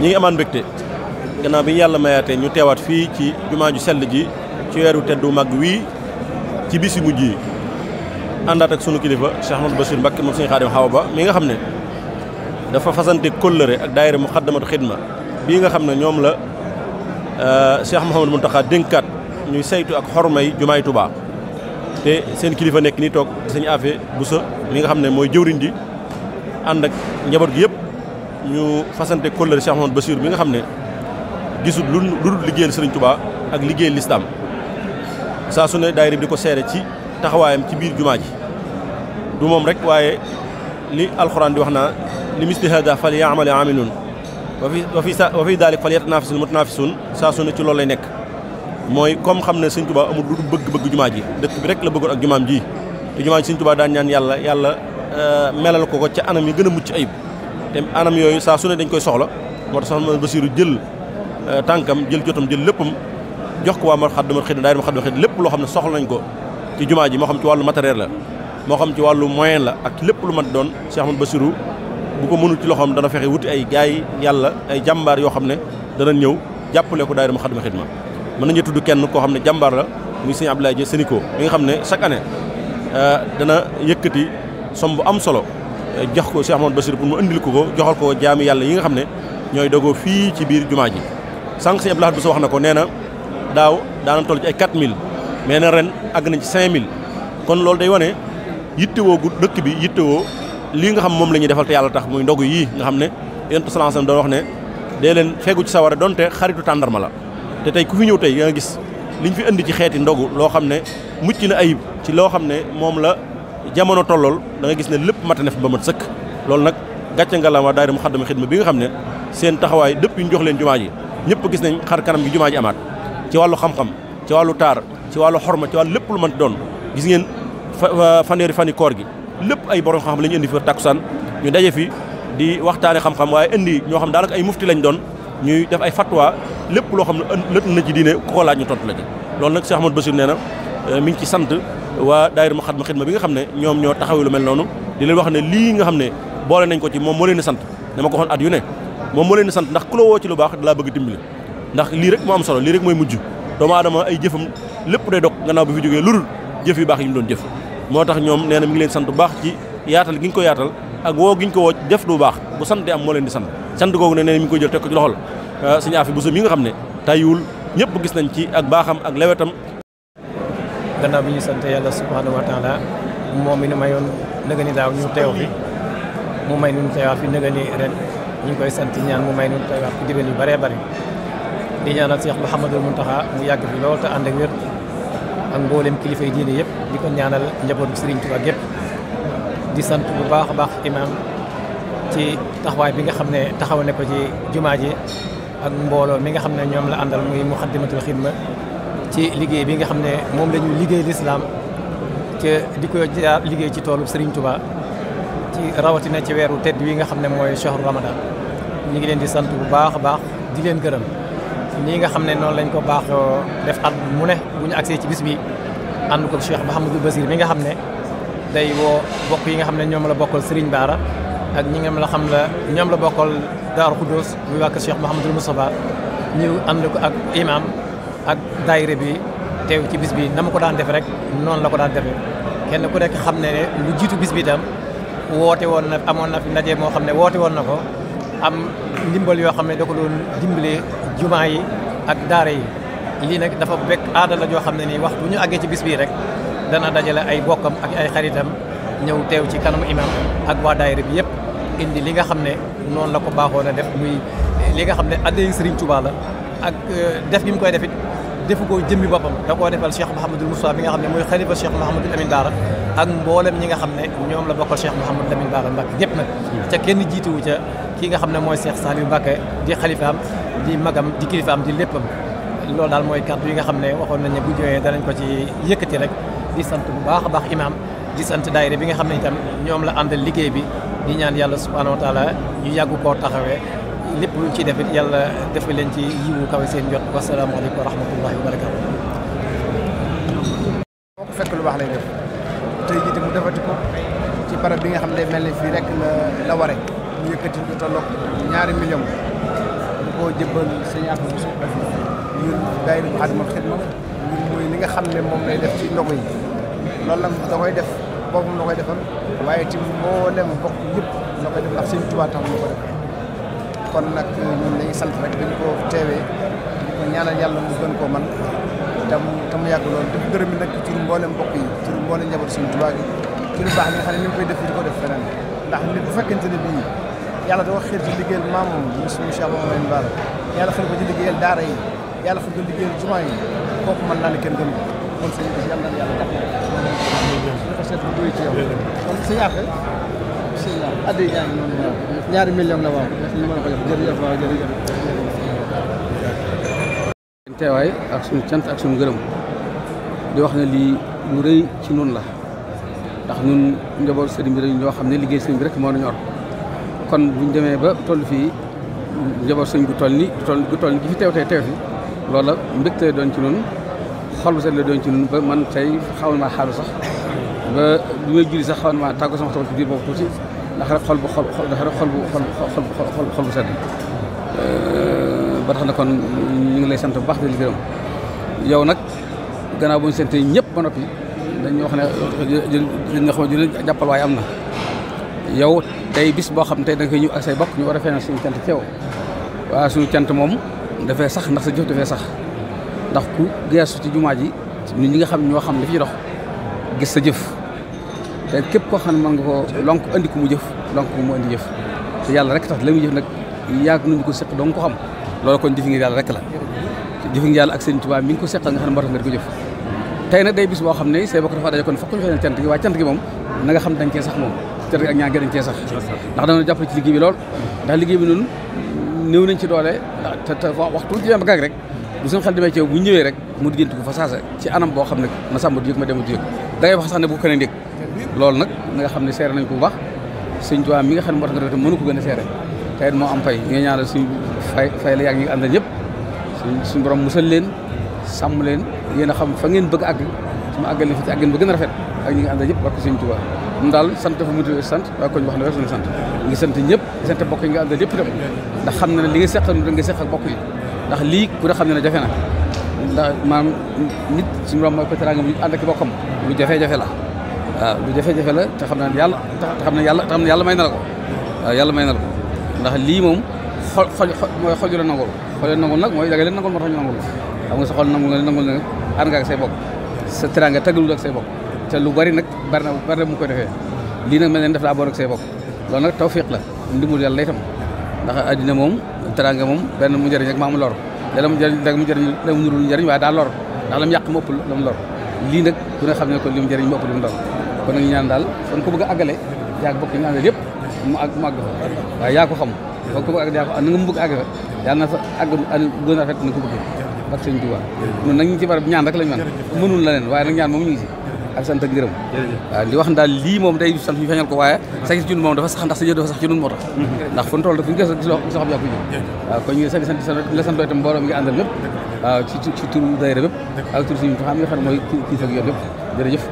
ñi ngi amaan mbégte gannaaw bi ñu yàlla mayaatee ñu teewaat fii ci jumaa ju sell ji ci weeru teddu màgg wii ci bis yu mujj yi àndaat ak sunu kilifa Cheikh Ahmadou Bassir Mbacké moom suñu Xaadim Awa Ba mi nga xam ne dafa fasante kóllëre ak daayira Muxaddamatul Xidma bii nga xam ne ñoom la euh, Cheikh Mouhamadou Mountakha dénkaat ñuy saytu ak xormay jumaay Tuubaa te seen kilifa nekk ni toog sëñ Afe sa mi nga xam ne mooy jëwriñ di ànd ak njaboot gi yëpp ñu fasante kóllëre Cheikh Mouhamed Bachir bi nga xam ne gisul lu dul liggéeyal Serigne Touba ak liggéey lislaam saa su ne daayira di ko seere ci taxawaayam ci biir jumaa ji du moom rek waaye li alxuraan di wax naa li misli hada fal yaamali aamiluun wa fi wa fi wa fi daalik fal yatanaafisul mutanaafisun saa su ne ci loolu lay nekk mooy comme xam ne Serigne Touba amul lu dul bëgg-bëgg jumaa ji dëkk bi rek la bëggoon ak jumaam ji te jumaa ji Serigne Touba ñaan yàlla yàlla euh, melal ko ko ca anam gën a mucc ayib te anam yoyu sa suné dañ koy soxla moo tax sax Basiru jël eh, tankam jël jotam jël léppam jox ko waa ma xaddama khid daay ma xaddama xid lépp loo xam ne soxla nañ ko ci juma ji mo xam ci walu matériel la mo xam ci walu moyen la ak lepp lu ma doon Cheikh Ahmadou basiru bu ko mënu ci loxoom dana fexé wuti ay gaay yalla ay jambar yo xamne dana ñew jappalé ko daayira ma xaddama xidma man nañu tuddu kenn ko xamne jambar la muy sëñ Abdoulaye Seniko mi nga xamne chaque année euh dana yëkëti sombu am solo jox ko Cheikh Amadou Bassir pour mu indil ko ko joxal ko jaami yàlla yi nga xam ne ñooy dogoo fii ci biir jumaa ji sànq si Abdoulaye Bousso wax na ko nee na daaw daana toll ci ay 4000 mais na ren àgg nañ ci 5000 kon loolu day wane yittewoo gu dëkk bi yittewoo lii nga xam moom la ñuy defal te yàlla tax muy ndogu yii nga xam ne yonent sallallahu alayhi doon wax ne dee leen fegu ci sawara donte xaritu tàndarma la te tey ku fi ñëw tey yaa nga gis liñ fi indi ci xeeti ndogu loo xam ne mucc na ayib ci loo xam ne moom la jamono tollool da nga gis ne lepp mat na ba mat sëkk loolu nag gàcce ngalaama daayira Muxaddamatul khidma bi nga xamne sen taxaway depp yu ñu jox leen jumaa ji ñëpp gis nañ xar kanam gi jumaa ji amaat ci walu xam-xam ci walu tar ci walu xorma ci walu lepp lu man doon gis ngeen faneri fani koor gi lepp ay borom xam-xam indi fi takusan ñu fi di waxtaane xam-xam waye indi ño xam dalak ay mufti lañ doon ñuy def ay fatwa lepp lo xam ne lët na ci diine ko laaj ñu tontu la ci lol nak Cheikh bassir neena euh, mi ngi ci sante waa daayira mu ma xidma bi nga xam ne ñoom ñoo taxawee lu mel noonu di leen wax ne lii nga xam ne boole nañ ko ci moom moo leen di sant dama ko waxoon at yu ne moom moo leen di sant ndax ku la woo ci lu baax dalaa bëgg dimbali ndax lii rek moo am solo lii rek mooy mujj doomu aadama ay jëfam lépp day dog gannaaw bi fi jógee lu dul jëf yu baax yi doon jëf moo tax ñoom nee na ngi leen sant bu baax ci yaatal gi ñu ko yaatal ak woo gi ñu ko woo def lu baax bu sant am moo leen di sant sant googu ne nee na mi ngi koy jël teg ko ci loxol ah, suñu affaire bu mi nga xam ne tayul ñëpp gis nañ ci ak baaxam ak lewetam gannaaw bi ñu sant yàlla subhanahu wa taala moom i nu mayoon nëga ni daaw ñu teew fi mu may nun teewaat fi nëga ni ren ñu ngi koy sant ñaan mu may nun teewaat fi dibén yu bëree bëri di ñaanal Cheikh Mouhamadul Mountakha mu yàgg fi loolu te ànd ak wér ak mboolem kilifa yi diine yëpp di ko ñaanal njabootu Serigne Touba gépp di sant bu baax a baax imam ci taxawaay bi nga xam ne taxaw ne ko ci jumaa ji ak mbooloo mi nga xam ne ñoom la àndal muy Muxaddamatul Xidma ci liggéey bi nga xamné mom lañu liggéey l'islam ci diko jaar liggéey ci tolu Serigne Touba ci na ci wéru tedd wi nga xamné moy cheikh ramadan ñi ngi leen di sant bu baax baax di leen gërëm nii nga xamné non lañ ko baax def at mu ne bu ñu ci bis bi and ko Cheikh Mahamadou Basir mi nga xamné day wo bokk yi nga xamné ñom la bokkal Serigne Bara ak ñi nga la xam la ñom la bokkal Daaru Khoudoss muy wa Cheikh Mahamadou Moustapha ñu and ko ak imam ak daayira bi teew ci bis bi na ma ko daan defe rek noonu la ko daan defee kenn ku nekk xam ne ne lu jiitu bis bi itam woote woon na amoon na fi ndaje moo xam ne woote woon na ko am ndimbal yoo xam ne da ko doon dimbalee yi ak daara yi lii nag dafa bekk aada la joo xam ne nii waxtu ñu àggee ci bis bii rek dana dajale ay bokkam ak ay xaritam ñëw teew ci kanamu imam ak waa daayira bi yëpp indi li nga xam ne noonu la ko baaxoon a def muy li nga xam ne addee Serigne Touba la ak euh, def gi mu koy def defu ko jëmmi boppam da koo defal Cheikh Mouhamadul Moussa bi nga xam ne mooy xalifa Cheikh Mouhamadul Amin Daara ak mboolem ñi nga xam ne ñoom la bokkal Cheikh Mouhamadul Amin Daara Mbacke ñëpp nag ca kenn jiituwu ca ki nga xam ne mooy Cheikh Saliou Mbacke di xalifaam di magam di kilifaam di léppam loolu daal mooy kàddu yi nga xam ne waxoon nañ ne bu ñëwee danañ ko ci yëkkati rek di sant bu baax a baax imaam di sant daayira bi nga xam ne itam ñoom la àndal liggéey bi di ñaan yàlla subhanahu wa taala ñu yàggu koo taxawee lépp luñ ciy def it yàlla defal leen ci yiwu kawe seen jot wasalaamaaleykum wa rahmatullahi wa barakaatu. boo ko fekk lu baax lay def tey jii mu defati ko ci barab bi nga xam ne mel ni fi rek la la ware ñu yëkkati lu tolloog ñaari million bu ko jëbbal sëñ ak mosu ak li nga xam ne moom lay def ci ndogu yi loolu la da koy def boppam la koy defal waaye tim moo dem bokk yëpp la koy def ndax seen tubaab tax moo kon nag ñun dañuy sant rek dañu ko teewee di ko ñaanal yàlla mu gën ko man tam tam yàgg loolu di gërëm yi nag ci turu mbokk yi turu mboolem njaboot suñu Tuubaa gi ci lu baax li xam ni mu koy def di ko def feneen ndax nit bu fekkente ne bii yàlla da wax xiir ci liggéeyal maamam mu suñu Cheikh Mamadou Lamine Bara yàlla fal ko ci liggéeyal daara yi yàlla fal ko liggéeyal jumaa yi kooku mën naa ne kenn gënu ko kon sëñ bi yàlla na yàlla jàppale ko seet bu ci addi yaa la waaw ñu mën ko teewaay ak suñ cant ak suñ gërëm di wax na lii lu rëy ci nun la ndax ñun njaboot sëriñ bi lañ ñoo xam ne liggéey sëriñ bi rek moo nañu ñor kon buñ demee ba toll fii njaboot sëriñ gu toll ni gu toll ni gi fi teew tey teew fi loola mbégte doon ci nun xol bu set la doon ci nun ba man tey xawoon maa xaalu sax ba bi may julli sax xawoon maa tàggu sama xol ci biir boobu tuuti ndax rek xol bu xol ndax rek xol bu xol xol xol xol bu sedd ba tax na kon ñu ngi lay sant bu baax di la gërëm yow nag gannaaw bu ñu sant ñëpp ba noppi dañu wax ne dañ nga xam ne jàppal waaye am na yow tey bis boo xam tey da nga ñu war a feeñal suñu cant teew waaw suñu cant moom dafay sax ndax sa jëf dafay sax ndax ku geesu ci jumaa ji ñun ñi nga xam ñoo xam li fi dox gis sa jëf te képp ko xam man nga ko lonk andi ko mu jëf lonk ko mu andi jëf te yalla rek tax la mu jëf nak yag nañu ko seq doo nga ko xam loolu kon jëfi ngir yalla rek la jëfi ngir yalla ak sëriñ Tuubaa mi ngi ko seqal nga xam mo tax nga ko jëf tay nak day bis bo xam ne say bokk dafa dajé kon fokk ñu xëy cant gi waaye cant gi mom nga xam dañ cee sax mom cant gi ak ñaan gi ci sax ndax da nga japp ci liggéey bi lool ndax liggéey bi nun néew nañ ci doole te waxtu ci yamba gag rek bu sun xel demee ci bu ñëwé rek mu digëntu ko fa saasa ci anam bo xam ne ma sambu du yëg ma demu du yëg da ngay wax sax ne bu ko keneen yëg loolu nag nga xam ne seere nañ ko bu baax sëñ Tuubaa mi nga xam ne moo tax nga ko gën a seere te moo am pay nga ñaanal suñ fay fay la yaa ngi àndal ñëpp suñ borom musal leen sàmm leen yéen a xam fa ngeen bëgg àgg su ma àggal fi ci àggin ba gën a rafet ak ñi nga ñëpp wax ko sëñ Tuubaa mu daal sant dafa mutué sant waaye koñ wax ne rek sant ngi sant ñëpp ngi bokk yi nga àndal ñëpp itam ndax xam na ne li nga seqal da nga seq ak bokk yi ndax lii ku ne xam ne ne jafe na ndax maanaam nit suñu borom mooy ko teraanga mu ànd ak bokkam lu jafe-jafe la waaw lu jafe-jafe la te xam naa yàlla te xam ne yàlla te xam yàlla may na la ko waaw may na la ko ndax lii moom xol xol mooy xol ju la nangul xol ju nangul nag mooy da nga leen nangul moo tax ñu xam nga sa xol nangul nga leen nangul sa teraanga taggalul ak say te lu bari nag bari na bari na mu koy defee lii nag mel def la aboor ak bopp loolu nag tawfiq la ndimul yàlla lay tam ndax àddina moom teraanga moom benn mu njëriñ rek maa mu lor léeg mu njëriñ léeg mu njëriñ léeg mu nurul njëriñ waaye daa lor ndax la mu yàq mu ëpp la mu lor lii nag ku ne xam ne ko li mu njëriñ mu ëpp li mu lor kon nag ñu ñaan daal kon ku bëgg a àggale yaa bokk ñu àndal yëpp mu àgg mu àgg fa waaye yaa ko xam kon ku bëgg na nga mu bëgg a àgg fa yàlla na fa àgg a rafet na ko bëggee waaye nag ñaan moom ñu ngi si ak sant ak ngërëm waaw wax ne daal lii moom day sant ñu feeñal ko waaye sax ci moom dafa sax ndax sa jëf dafa sax ci ñun moo tax ndax fu ñu toll fu ñu gëstu gis loo àndal lépp waaw ci turu daayira bépp ak turu suñu xam nga xam ne mooy kii fekk yoon lépp jërëjëf